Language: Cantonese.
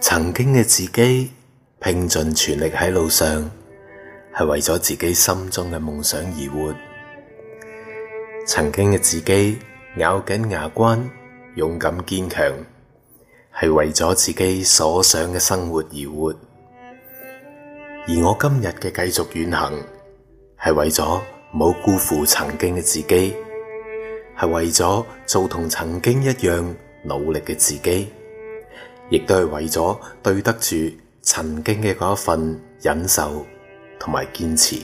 曾經嘅自己拼盡全力喺路上，係為咗自己心中嘅夢想而活；曾經嘅自己咬緊牙關，勇敢堅強，係為咗自己所想嘅生活而活。而我今日嘅繼續遠行，係為咗冇辜負曾經嘅自己，係為咗做同曾經一樣努力嘅自己。亦都係為咗對得住曾經嘅嗰一份忍受同埋堅持。